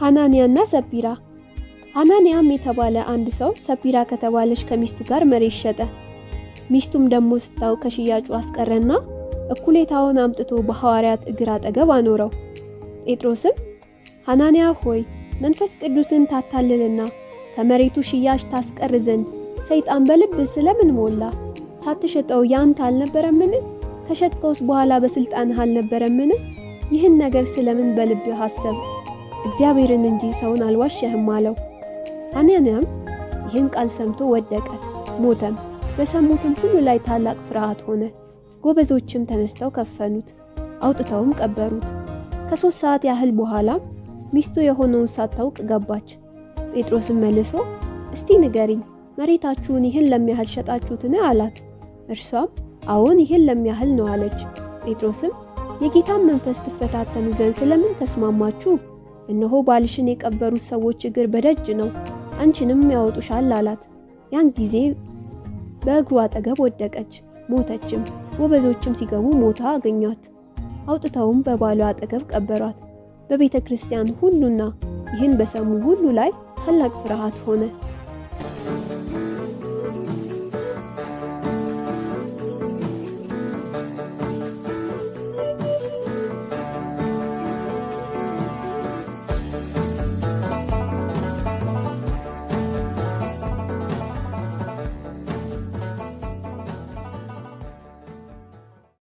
ሐናንያ እና ሰጲራ። ሐናንያም የተባለ አንድ ሰው ሰፒራ ከተባለች ከሚስቱ ጋር መሬት ሸጠ። ሚስቱም ደግሞ ስታው ከሽያጩ አስቀረና እኩሌታውን አምጥቶ በሐዋርያት እግር አጠገብ አኖረው። ጴጥሮስም ሐናንያ ሆይ መንፈስ ቅዱስን ታታልልና ከመሬቱ ሽያጭ ታስቀር ዘንድ ሰይጣን በልብ ስለምን ሞላ? ሳትሸጠው ያንተ አልነበረምን? ከሸጥከውስ በኋላ በስልጣንህ አልነበረምን? ይህን ነገር ስለምን በልብህ አሰብ እግዚአብሔርን እንጂ ሰውን አልዋሸህም አለው። ሐናንያም ይህን ቃል ሰምቶ ወደቀ፣ ሞተም። በሰሙትም ሁሉ ላይ ታላቅ ፍርሃት ሆነ። ጎበዞችም ተነስተው ከፈኑት፣ አውጥተውም ቀበሩት። ከሦስት ሰዓት ያህል በኋላ ሚስቱ የሆነውን ሳታውቅ ገባች። ጴጥሮስም መልሶ እስቲ ንገሪኝ መሬታችሁን ይህን ለሚያህል ሸጣችሁትን? አላት። እርሷም አዎን ይህን ለሚያህል ነው አለች። ጴጥሮስም የጌታን መንፈስ ትፈታተኑ ዘንድ ስለምን ተስማማችሁ? እነሆ ባልሽን የቀበሩት ሰዎች እግር በደጅ ነው፣ አንቺንም ያወጡሻል አላት። ያን ጊዜ በእግሩ አጠገብ ወደቀች፣ ሞተችም። ወበዞችም ሲገቡ ሞታ አገኟት። አውጥተውም በባሏ አጠገብ ቀበሯት። በቤተ ክርስቲያን ሁሉና ይህን በሰሙ ሁሉ ላይ ታላቅ ፍርሃት ሆነ።